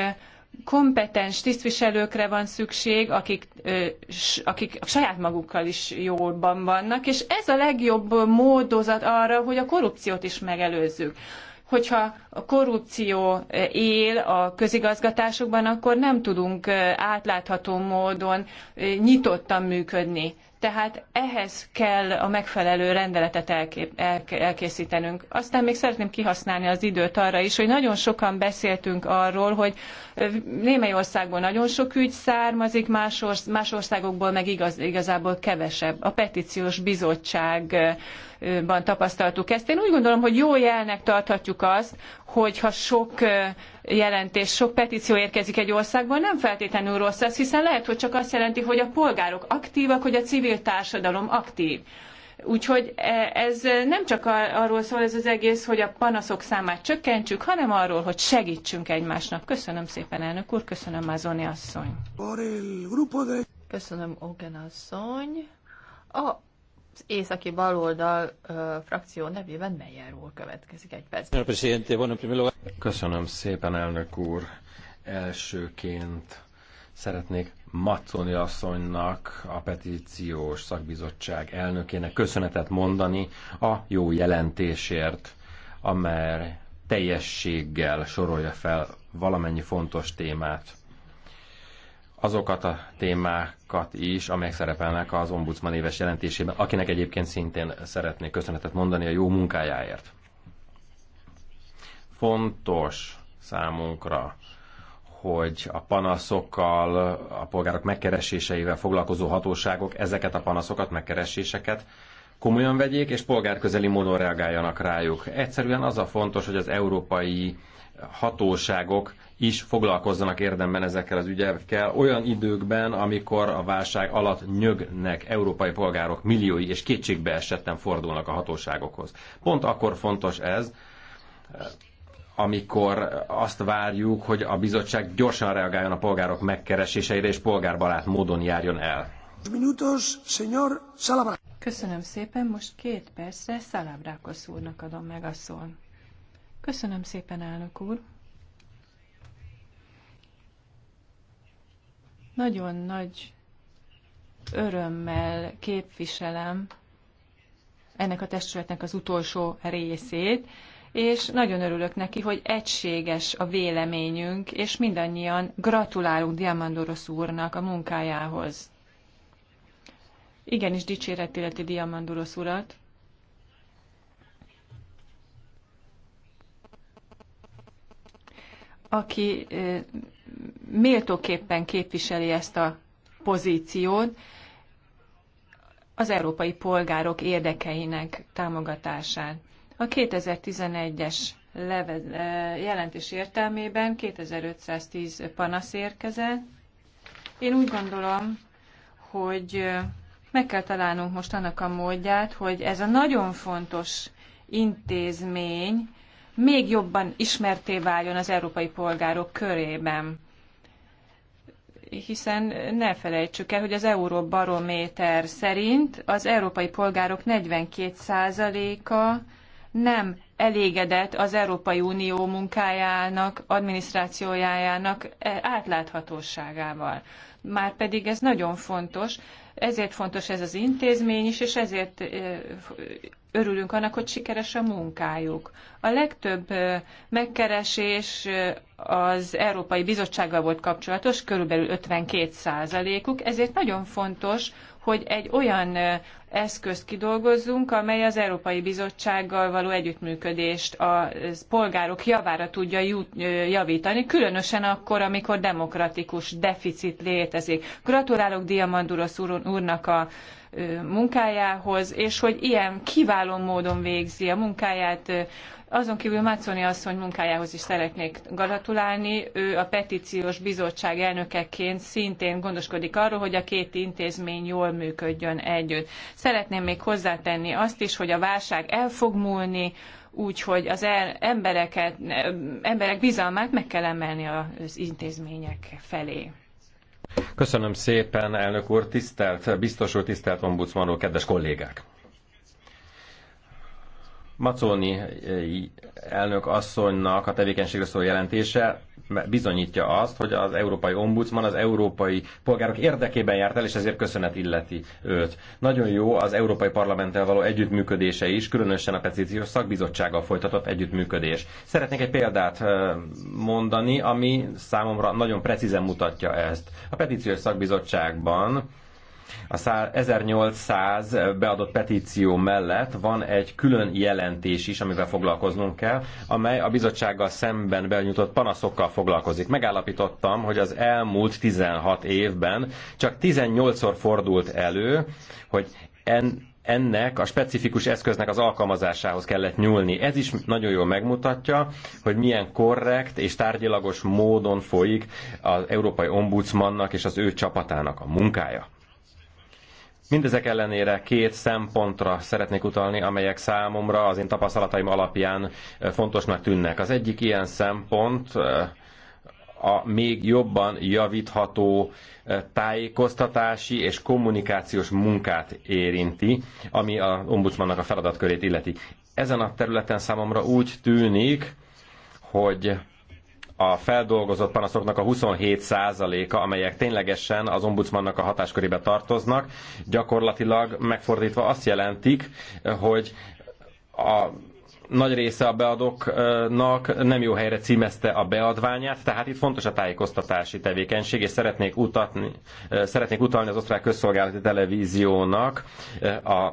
kompetens tisztviselőkre van szükség, akik, akik a saját magukkal is jobban vannak, és ez a legjobb módozat arra, hogy a korrupciót is megelőzzük hogyha a korrupció él a közigazgatásokban, akkor nem tudunk átlátható módon nyitottan működni tehát ehhez kell a megfelelő rendeletet elké elkészítenünk. Aztán még szeretném kihasználni az időt arra is, hogy nagyon sokan beszéltünk arról, hogy Németországból nagyon sok ügy származik, más, orsz más országokból meg igaz igazából kevesebb. A petíciós bizottság ban tapasztaltuk ezt. Én úgy gondolom, hogy jó jelnek tarthatjuk azt, hogy ha sok jelentés, sok petíció érkezik egy országból, nem feltétlenül rossz ez, hiszen lehet, hogy csak azt jelenti, hogy a polgárok aktívak, hogy a civil társadalom aktív. Úgyhogy e, ez nem csak arról szól ez az egész, hogy a panaszok számát csökkentsük, hanem arról, hogy segítsünk egymásnak. Köszönöm szépen, elnök úr, köszönöm Mazoni asszony. Köszönöm, Ogen asszony. A az északi baloldal frakció nevében Meyer következik egy perc. Köszönöm szépen, elnök úr. Elsőként szeretnék Maconi asszonynak, a petíciós szakbizottság elnökének köszönetet mondani a jó jelentésért, amely teljességgel sorolja fel valamennyi fontos témát azokat a témákat is, amelyek szerepelnek az ombudsman éves jelentésében, akinek egyébként szintén szeretnék köszönetet mondani a jó munkájáért. Fontos számunkra, hogy a panaszokkal, a polgárok megkereséseivel foglalkozó hatóságok ezeket a panaszokat, megkereséseket komolyan vegyék, és polgárközeli módon reagáljanak rájuk. Egyszerűen az a fontos, hogy az európai hatóságok is foglalkozzanak érdemben ezekkel az ügyekkel, olyan időkben, amikor a válság alatt nyögnek európai polgárok milliói, és kétségbe esetten fordulnak a hatóságokhoz. Pont akkor fontos ez, amikor azt várjuk, hogy a bizottság gyorsan reagáljon a polgárok megkereséseire, és polgárbarát módon járjon el. Minutos, señor Köszönöm szépen, most két percre Szalabrákos úrnak adom meg a szón. Köszönöm szépen, elnök úr. Nagyon nagy örömmel képviselem ennek a testületnek az utolsó részét, és nagyon örülök neki, hogy egységes a véleményünk, és mindannyian gratulálunk Diamandoros úrnak a munkájához. Igenis dicséret illeti Diamandoros urat. aki eh, méltóképpen képviseli ezt a pozíciót az európai polgárok érdekeinek támogatásán A 2011-es e, jelentés értelmében 2510 panasz érkezett. Én úgy gondolom, hogy e, meg kell találnunk most annak a módját, hogy ez a nagyon fontos intézmény még jobban ismerté váljon az európai polgárok körében hiszen ne felejtsük el, hogy az Euróbarométer szerint az európai polgárok 42%-a nem elégedett az Európai Unió munkájának, adminisztrációjának eh, átláthatóságával. Márpedig ez nagyon fontos, ezért fontos ez az intézmény is, és ezért örülünk annak, hogy sikeres a munkájuk. A legtöbb megkeresés az Európai Bizottsággal volt kapcsolatos, körülbelül 52 százalékuk, ezért nagyon fontos, hogy egy olyan eszközt kidolgozzunk, amely az Európai Bizottsággal való együttműködést a polgárok javára tudja javítani, különösen akkor, amikor demokratikus deficit létezik. Gratulálok Diamandurosz úrnak a munkájához, és hogy ilyen kiváló módon végzi a munkáját. Azon kívül Maconi asszony munkájához is szeretnék gratulálni. Ő a petíciós bizottság elnökeként szintén gondoskodik arról, hogy a két intézmény jól működjön együtt. Szeretném még hozzátenni azt is, hogy a válság el fog múlni, úgyhogy az embereket, emberek bizalmát meg kell emelni az intézmények felé. Köszönöm szépen, elnök úr, tisztelt biztos úr, tisztelt ombudsman kedves kollégák! Macóni eh, elnök asszonynak a tevékenységre szóló jelentése bizonyítja azt, hogy az európai ombudsman az európai polgárok érdekében járt el, és ezért köszönet illeti őt. Nagyon jó az európai parlamenttel való együttműködése is, különösen a petíciós szakbizottsággal folytatott együttműködés. Szeretnék egy példát mondani, ami számomra nagyon precízen mutatja ezt. A petíciós szakbizottságban a 1800 beadott petíció mellett van egy külön jelentés is, amivel foglalkoznunk kell, amely a bizottsággal szemben benyújtott panaszokkal foglalkozik. Megállapítottam, hogy az elmúlt 16 évben csak 18-szor fordult elő, hogy en, ennek a specifikus eszköznek az alkalmazásához kellett nyúlni. Ez is nagyon jól megmutatja, hogy milyen korrekt és tárgyilagos módon folyik az Európai Ombudsmannak és az ő csapatának a munkája. Mindezek ellenére két szempontra szeretnék utalni, amelyek számomra az én tapasztalataim alapján fontosnak tűnnek. Az egyik ilyen szempont a még jobban javítható tájékoztatási és kommunikációs munkát érinti, ami a ombudsmannak a feladatkörét illeti. Ezen a területen számomra úgy tűnik, hogy a feldolgozott panaszoknak a 27%-a, amelyek ténylegesen az ombudsmannak a hatáskörébe tartoznak, gyakorlatilag megfordítva azt jelentik, hogy a nagy része a beadóknak nem jó helyre címezte a beadványát, tehát itt fontos a tájékoztatási tevékenység, és szeretnék, utatni, szeretnék utalni az osztrák közszolgálati televíziónak a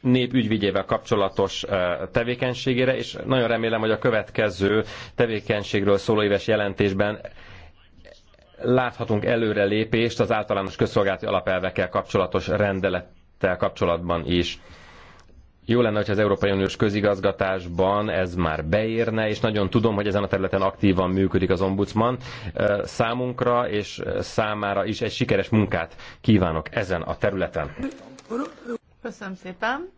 nép ügyvigyével kapcsolatos tevékenységére, és nagyon remélem, hogy a következő tevékenységről szóló éves jelentésben láthatunk előrelépést az általános közszolgálati alapelvekkel kapcsolatos rendelettel kapcsolatban is. Jó lenne, hogy az Európai Uniós közigazgatásban ez már beérne, és nagyon tudom, hogy ezen a területen aktívan működik az ombudsman. Számunkra és számára is egy sikeres munkát kívánok ezen a területen. Köszönöm szépen.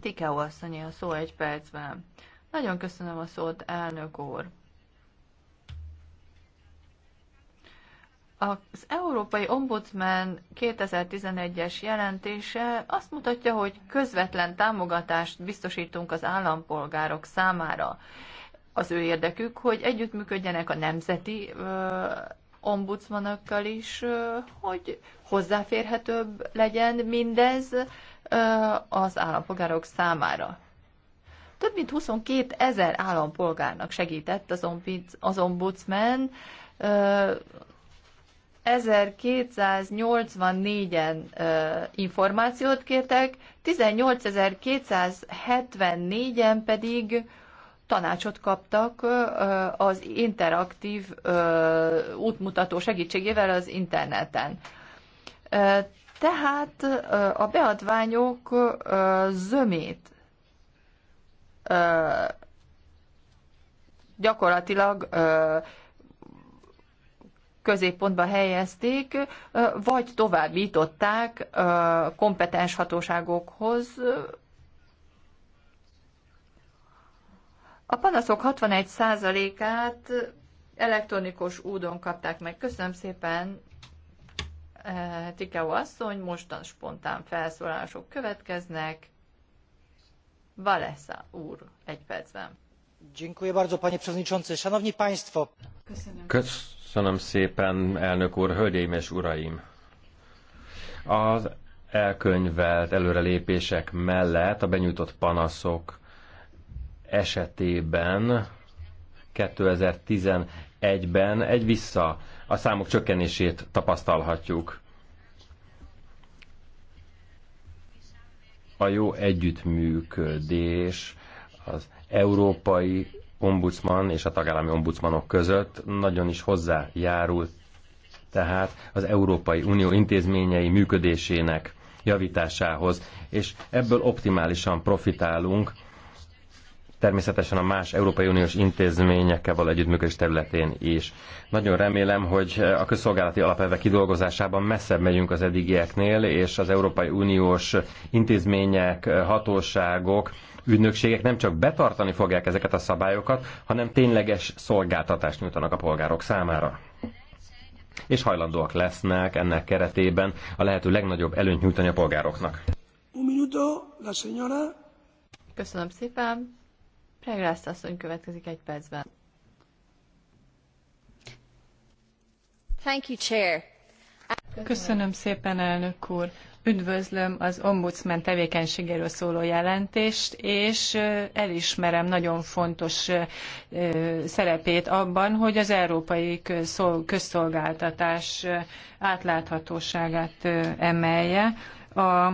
Tikeó asszonyi a szó egy percben. Nagyon köszönöm a szót, elnök úr. Az Európai Ombudsman 2011-es jelentése azt mutatja, hogy közvetlen támogatást biztosítunk az állampolgárok számára. Az ő érdekük, hogy együttműködjenek a nemzeti ombudsmanokkal is, hogy hozzáférhetőbb legyen mindez, az állampolgárok számára. Több mint 22 ezer állampolgárnak segített az, az ombudsman, 1284-en információt kértek, 18.274-en pedig tanácsot kaptak az interaktív útmutató segítségével az interneten. Tehát a beadványok zömét gyakorlatilag középpontba helyezték, vagy továbbították kompetens hatóságokhoz. A panaszok 61%-át elektronikus úton kapták meg. Köszönöm szépen, Eh, Tikau asszony, mostan spontán felszólalások következnek. Valesza úr, egy percben. Dziękuję bardzo, panie przewodniczący. Szanowni państwo. Köszönöm. Köszönöm szépen, elnök úr, hölgyeim és uraim. Az elkönyvelt előrelépések mellett a benyújtott panaszok esetében 2011-ben egy vissza a számok csökkenését tapasztalhatjuk. A jó együttműködés az európai ombudsman és a tagállami ombudsmanok között nagyon is hozzájárul tehát az Európai Unió intézményei működésének javításához, és ebből optimálisan profitálunk természetesen a más Európai Uniós intézményekkel való együttműködés területén is. Nagyon remélem, hogy a közszolgálati alapelvek kidolgozásában messzebb megyünk az eddigieknél, és az Európai Uniós intézmények, hatóságok, ügynökségek nem csak betartani fogják ezeket a szabályokat, hanem tényleges szolgáltatást nyújtanak a polgárok számára és hajlandóak lesznek ennek keretében a lehető legnagyobb előnyt nyújtani a polgároknak. Köszönöm szépen! Pregrászt asszony következik egy percben. Thank you, Chair. Köszönöm szépen, elnök úr. Üdvözlöm az ombudsman tevékenységéről szóló jelentést, és elismerem nagyon fontos szerepét abban, hogy az európai közszolgáltatás átláthatóságát emelje. A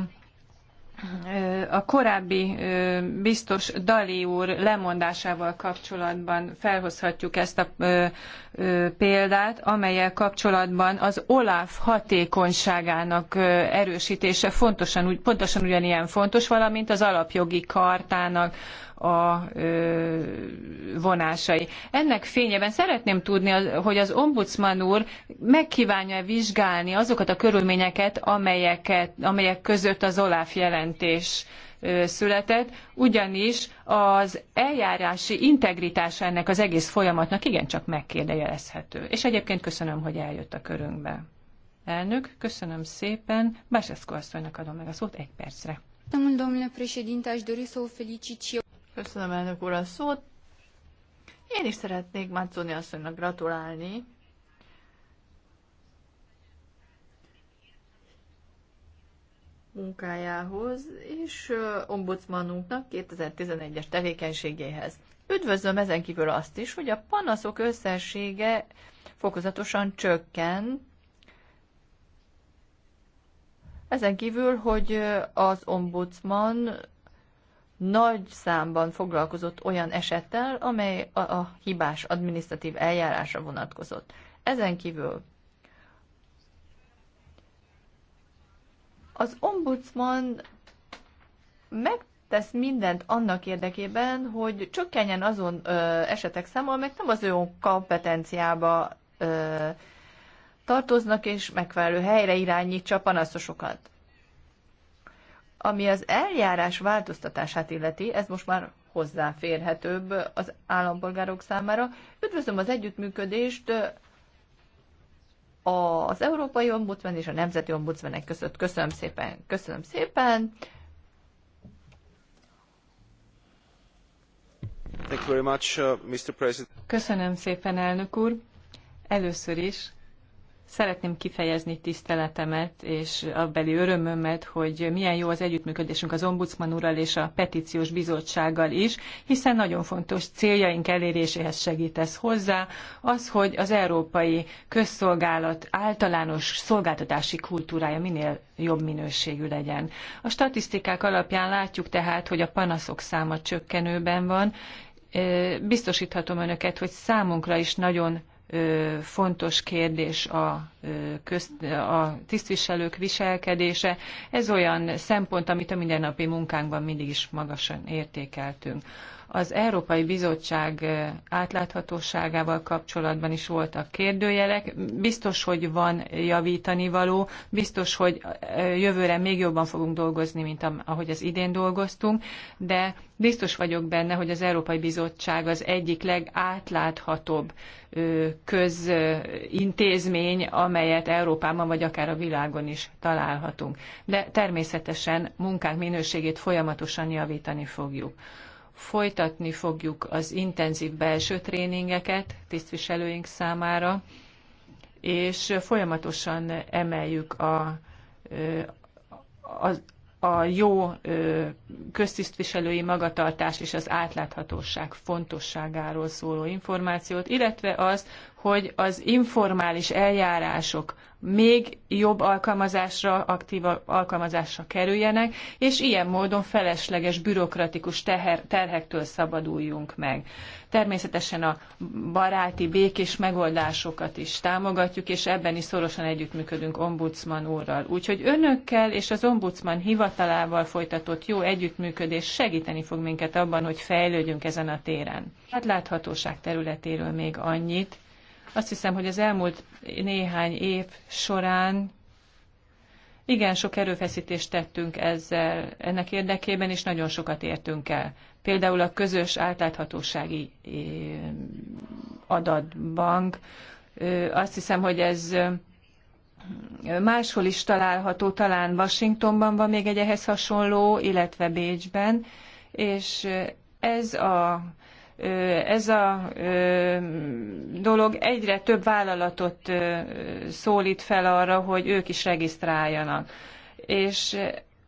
a korábbi biztos Dali úr lemondásával kapcsolatban felhozhatjuk ezt a példát, amelyel kapcsolatban az OLAF hatékonyságának erősítése fontosan, pontosan ugyanilyen fontos, valamint az alapjogi kartának a vonásai. Ennek fényében szeretném tudni, hogy az ombudsman úr megkívánja vizsgálni azokat a körülményeket, amelyeket, amelyek között az OLAF jelent jelentés született, ugyanis az eljárási integritása ennek az egész folyamatnak igencsak megkérdejelezhető. És egyébként köszönöm, hogy eljött a körünkbe. Elnök, köszönöm szépen. Báseszko asszonynak adom meg a szót egy percre. Köszönöm, elnök úr, a szót. Én is szeretnék Mácóni asszonynak gratulálni munkájához és ombudsmanunknak 2011-es tevékenységéhez. Üdvözlöm ezen kívül azt is, hogy a panaszok összessége fokozatosan csökken. Ezen kívül, hogy az ombudsman nagy számban foglalkozott olyan esettel, amely a, a hibás adminisztratív eljárásra vonatkozott. Ezen kívül Az ombudsman megtesz mindent annak érdekében, hogy csökkenjen azon ö, esetek száma, amelyek nem az ő kompetenciába ö, tartoznak, és megfelelő helyre irányítsa a panaszosokat. Ami az eljárás változtatását illeti, ez most már hozzáférhetőbb az állampolgárok számára. Üdvözlöm az együttműködést az Európai Ombudsman és a Nemzeti Ombudsmanek között. Köszönöm szépen, köszönöm szépen. Thank you very much, uh, Mr. President. Köszönöm szépen, elnök úr. Először is Szeretném kifejezni tiszteletemet és a beli örömömet, hogy milyen jó az együttműködésünk az Ombudsman úrral és a Petíciós Bizottsággal is, hiszen nagyon fontos céljaink eléréséhez segít ez hozzá, az, hogy az európai közszolgálat általános szolgáltatási kultúrája minél jobb minőségű legyen. A statisztikák alapján látjuk tehát, hogy a panaszok száma csökkenőben van, biztosíthatom önöket, hogy számunkra is nagyon fontos kérdés a, közt, a tisztviselők viselkedése. Ez olyan szempont, amit a mindennapi munkánkban mindig is magasan értékeltünk. Az Európai Bizottság átláthatóságával kapcsolatban is voltak kérdőjelek. Biztos, hogy van javítani való, biztos, hogy jövőre még jobban fogunk dolgozni, mint ahogy az idén dolgoztunk, de biztos vagyok benne, hogy az Európai Bizottság az egyik legátláthatóbb közintézmény, amelyet Európában vagy akár a világon is találhatunk. De természetesen munkánk minőségét folyamatosan javítani fogjuk folytatni fogjuk az intenzív belső tréningeket tisztviselőink számára, és folyamatosan emeljük a, a, a jó köztisztviselői magatartás és az átláthatóság fontosságáról szóló információt, illetve az, hogy az informális eljárások még jobb alkalmazásra, aktív alkalmazásra kerüljenek, és ilyen módon felesleges bürokratikus teher, terhektől szabaduljunk meg. Természetesen a baráti, békés megoldásokat is támogatjuk, és ebben is szorosan együttműködünk ombudsman úrral. Úgyhogy önökkel és az ombudsman hivatalával folytatott jó együttműködés segíteni fog minket abban, hogy fejlődjünk ezen a téren. Hát láthatóság területéről még annyit, azt hiszem, hogy az elmúlt néhány év során igen sok erőfeszítést tettünk ezzel ennek érdekében, és nagyon sokat értünk el. Például a közös átláthatósági eh, adatbank. Eh, azt hiszem, hogy ez eh, máshol is található, talán Washingtonban van még egy ehhez hasonló, illetve Bécsben, és ez a ez a dolog egyre több vállalatot szólít fel arra, hogy ők is regisztráljanak. És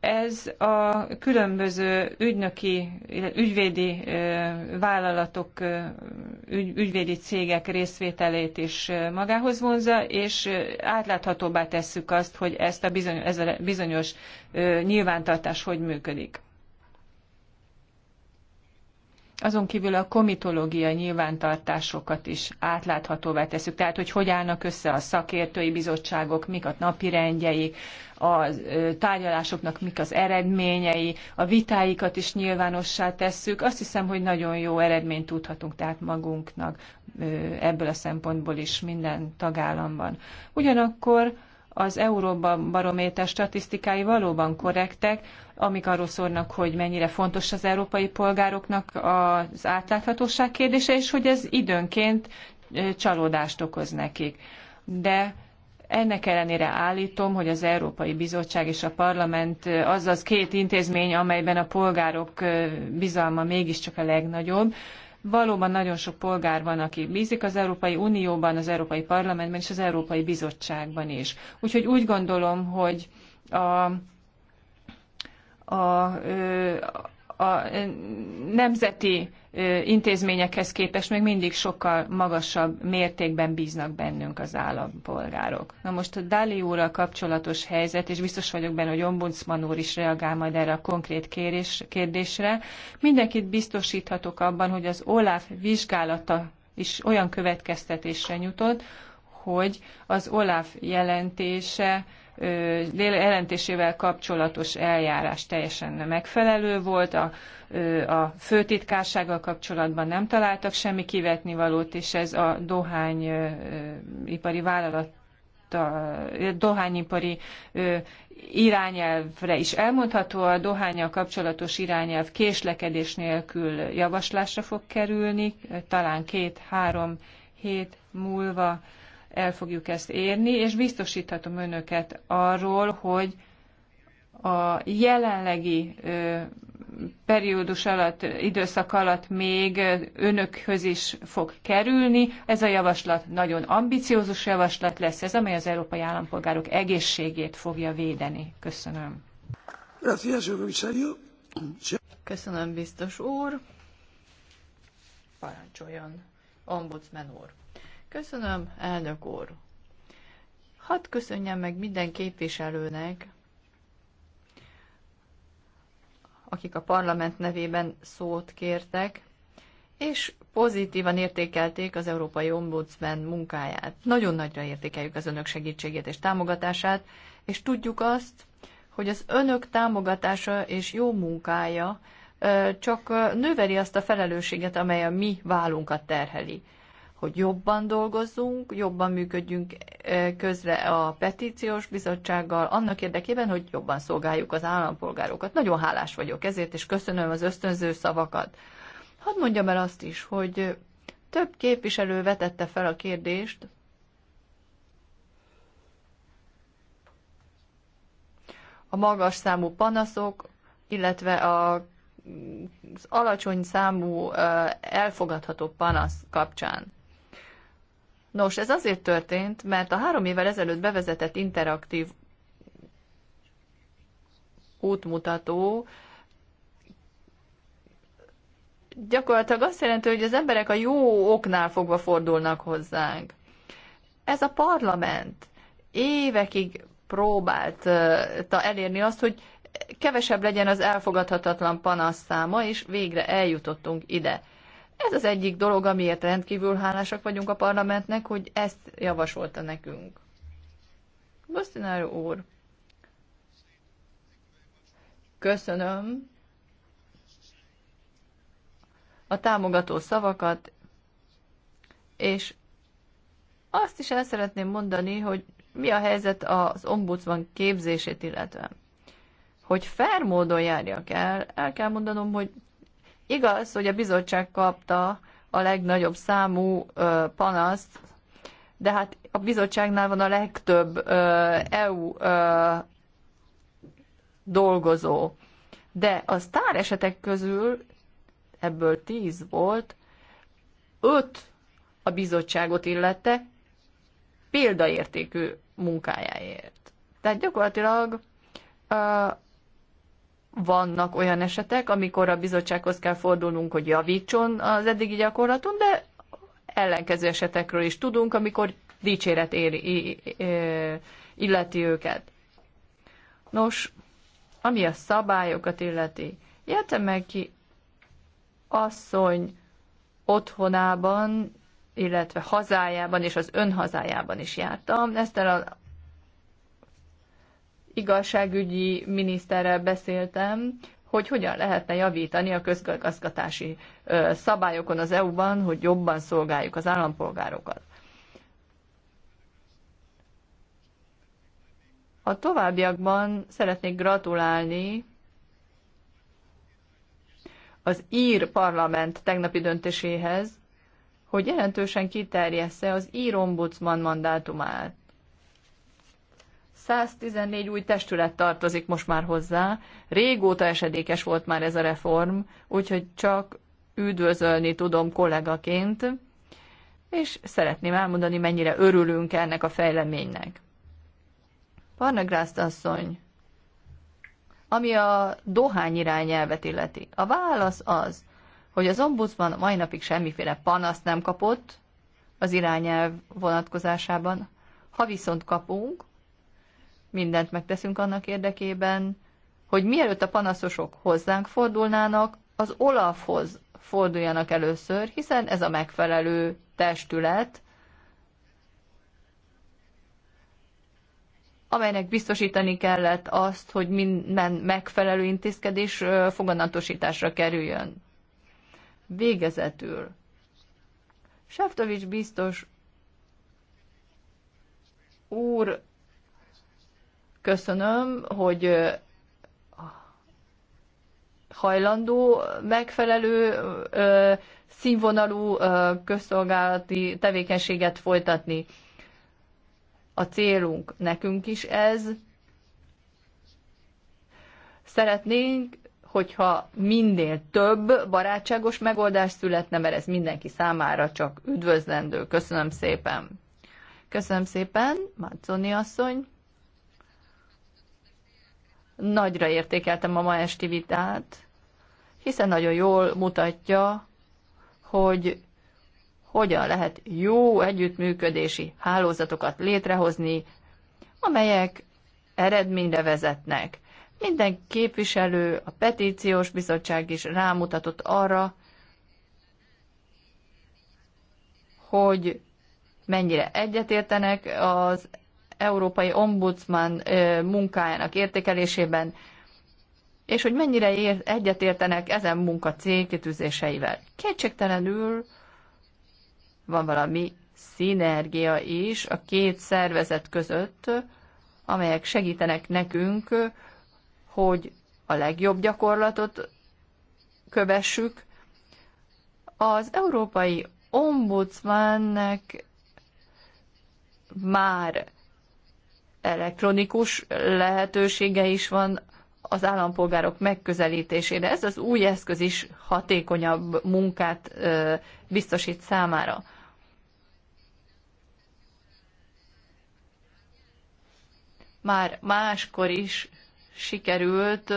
ez a különböző ügynöki, ügyvédi vállalatok, ügy, ügyvédi cégek részvételét is magához vonza, és átláthatóbbá tesszük azt, hogy ezt a bizonyos, ez a bizonyos nyilvántartás hogy működik. Azon kívül a komitológiai nyilvántartásokat is átláthatóvá tesszük, tehát hogy hogy állnak össze a szakértői bizottságok, mik a rendjei, a tárgyalásoknak mik az eredményei, a vitáikat is nyilvánossá tesszük. Azt hiszem, hogy nagyon jó eredményt tudhatunk tehát magunknak ebből a szempontból is minden tagállamban. Ugyanakkor az euróba barométer statisztikái valóban korrektek, amik arról szólnak, hogy mennyire fontos az európai polgároknak az átláthatóság kérdése, és hogy ez időnként csalódást okoz nekik. De ennek ellenére állítom, hogy az Európai Bizottság és a Parlament az az két intézmény, amelyben a polgárok bizalma mégiscsak a legnagyobb, Valóban nagyon sok polgár van, aki bízik az Európai Unióban, az Európai Parlamentben és az Európai Bizottságban is. Úgyhogy úgy gondolom, hogy a, a, a nemzeti intézményekhez képest még mindig sokkal magasabb mértékben bíznak bennünk az állampolgárok. Na most a Dali úrral kapcsolatos helyzet, és biztos vagyok benne, hogy ombudsman úr is reagál majd erre a konkrét kérés, kérdésre, mindenkit biztosíthatok abban, hogy az OLAF vizsgálata is olyan következtetésre nyújtott, hogy az OLAF jelentése jelentésével kapcsolatos eljárás teljesen megfelelő volt, a, a főtitkársággal kapcsolatban nem találtak semmi kivetnivalót, és ez a dohányipari vállalat a dohányipari irányelvre is elmondható, a dohányjal kapcsolatos irányelv késlekedés nélkül javaslásra fog kerülni, talán két-három hét múlva el fogjuk ezt érni, és biztosíthatom önöket arról, hogy a jelenlegi periódus alatt, időszak alatt még önökhöz is fog kerülni. Ez a javaslat nagyon ambiciózus javaslat lesz, ez amely az európai állampolgárok egészségét fogja védeni. Köszönöm. Köszönöm, biztos úr. Parancsoljon, ombudsman úr. Köszönöm, elnök úr. Hadd köszönjem meg minden képviselőnek, akik a parlament nevében szót kértek, és pozitívan értékelték az Európai Ombudsman munkáját. Nagyon nagyra értékeljük az önök segítségét és támogatását, és tudjuk azt, hogy az önök támogatása és jó munkája csak növeli azt a felelősséget, amely a mi vállunkat terheli hogy jobban dolgozzunk, jobban működjünk e, közre a petíciós bizottsággal, annak érdekében, hogy jobban szolgáljuk az állampolgárokat. Nagyon hálás vagyok ezért, és köszönöm az ösztönző szavakat. Hadd mondjam el azt is, hogy több képviselő vetette fel a kérdést, a magas számú panaszok, illetve a, az alacsony számú e, elfogadható panasz kapcsán. Nos, ez azért történt, mert a három évvel ezelőtt bevezetett interaktív útmutató gyakorlatilag azt jelenti, hogy az emberek a jó oknál fogva fordulnak hozzánk. Ez a parlament évekig próbálta elérni azt, hogy kevesebb legyen az elfogadhatatlan panasszáma, és végre eljutottunk ide. Ez az egyik dolog, amiért rendkívül hálásak vagyunk a parlamentnek, hogy ezt javasolta nekünk. Bosztináró úr, köszönöm a támogató szavakat, és azt is el szeretném mondani, hogy mi a helyzet az ombudsman képzését illetve. Hogy fair módon járjak el, el kell mondanom, hogy Igaz, hogy a bizottság kapta a legnagyobb számú ö, panaszt, de hát a bizottságnál van a legtöbb ö, EU ö, dolgozó. De a sztár esetek közül ebből tíz volt, öt a bizottságot illette példaértékű munkájáért. Tehát gyakorlatilag vannak olyan esetek, amikor a bizottsághoz kell fordulnunk, hogy javítson az eddigi gyakorlaton, de ellenkező esetekről is tudunk, amikor dicséret éri illeti őket. Nos, ami a szabályokat illeti, jelte meg ki asszony otthonában, illetve hazájában és az önhazájában is jártam. Ezt a igazságügyi miniszterrel beszéltem, hogy hogyan lehetne javítani a közgazgatási szabályokon az EU-ban, hogy jobban szolgáljuk az állampolgárokat. A továbbiakban szeretnék gratulálni az ír parlament tegnapi döntéséhez, hogy jelentősen kiterjessze az ír ombudsman mandátumát. 114 új testület tartozik most már hozzá. Régóta esedékes volt már ez a reform, úgyhogy csak üdvözölni tudom kollégaként, és szeretném elmondani, mennyire örülünk ennek a fejleménynek. Parnagrászt asszony, ami a dohány irányelvet illeti. A válasz az, hogy az ombudsman mai napig semmiféle panaszt nem kapott az irányelv vonatkozásában. Ha viszont kapunk, mindent megteszünk annak érdekében, hogy mielőtt a panaszosok hozzánk fordulnának, az Olafhoz forduljanak először, hiszen ez a megfelelő testület, amelynek biztosítani kellett azt, hogy minden megfelelő intézkedés foganatosításra kerüljön. Végezetül. Seftovics biztos úr Köszönöm, hogy hajlandó, megfelelő színvonalú közszolgálati tevékenységet folytatni. A célunk nekünk is ez. Szeretnénk, hogyha minél több barátságos megoldás születne, mert ez mindenki számára csak üdvözlendő. Köszönöm szépen. Köszönöm szépen, Máconi asszony. Nagyra értékeltem a ma esti vitát, hiszen nagyon jól mutatja, hogy hogyan lehet jó együttműködési hálózatokat létrehozni, amelyek eredményre vezetnek. Minden képviselő, a petíciós bizottság is rámutatott arra, hogy mennyire egyetértenek az európai ombudsman munkájának értékelésében, és hogy mennyire egyetértenek ezen munka célkitűzéseivel. Kétségtelenül van valami szinergia is a két szervezet között, amelyek segítenek nekünk, hogy a legjobb gyakorlatot kövessük. Az európai ombudsmannek már elektronikus lehetősége is van az állampolgárok megközelítésére. Ez az új eszköz is hatékonyabb munkát biztosít számára. Már máskor is sikerült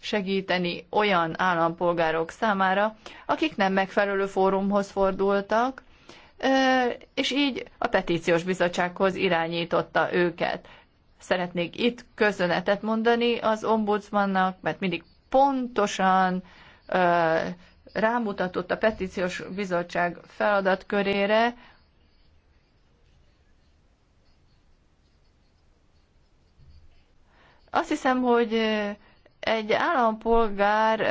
segíteni olyan állampolgárok számára, akik nem megfelelő fórumhoz fordultak, és így a petíciós bizottsághoz irányította őket. Szeretnék itt köszönetet mondani az ombudsmannak, mert mindig pontosan rámutatott a petíciós bizottság feladatkörére, azt hiszem, hogy egy állampolgár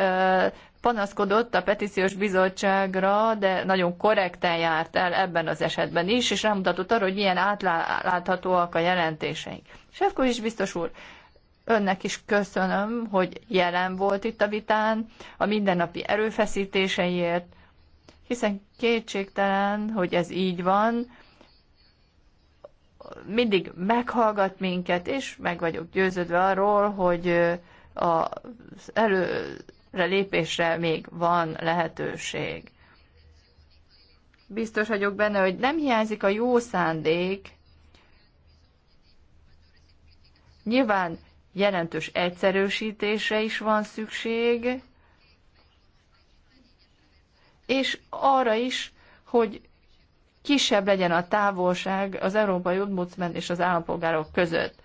panaszkodott a petíciós bizottságra, de nagyon korrekten járt el ebben az esetben is, és rámutatott arra, hogy milyen átláthatóak a jelentéseink. Sefko is biztos úr, önnek is köszönöm, hogy jelen volt itt a vitán, a mindennapi erőfeszítéseiért, hiszen kétségtelen, hogy ez így van, mindig meghallgat minket, és meg vagyok győződve arról, hogy az előre lépésre még van lehetőség. Biztos vagyok benne, hogy nem hiányzik a jó szándék. Nyilván jelentős egyszerűsítésre is van szükség, és arra is, hogy kisebb legyen a távolság az Európai Ombudsman és az állampolgárok között.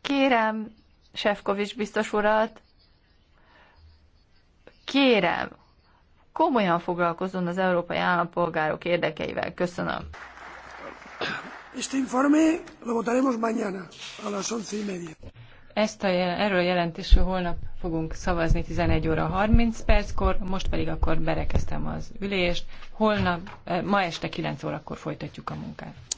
Kérem Sefkovics biztos urat, kérem, komolyan foglalkozzon az európai állampolgárok érdekeivel. Köszönöm. Este informe lo votaremos mañana a las once y media. Ezt a, erről a jelentésről holnap fogunk szavazni 11 óra 30 perckor, most pedig akkor berekeztem az ülést. Holnap, eh, ma este 9 órakor folytatjuk a munkát.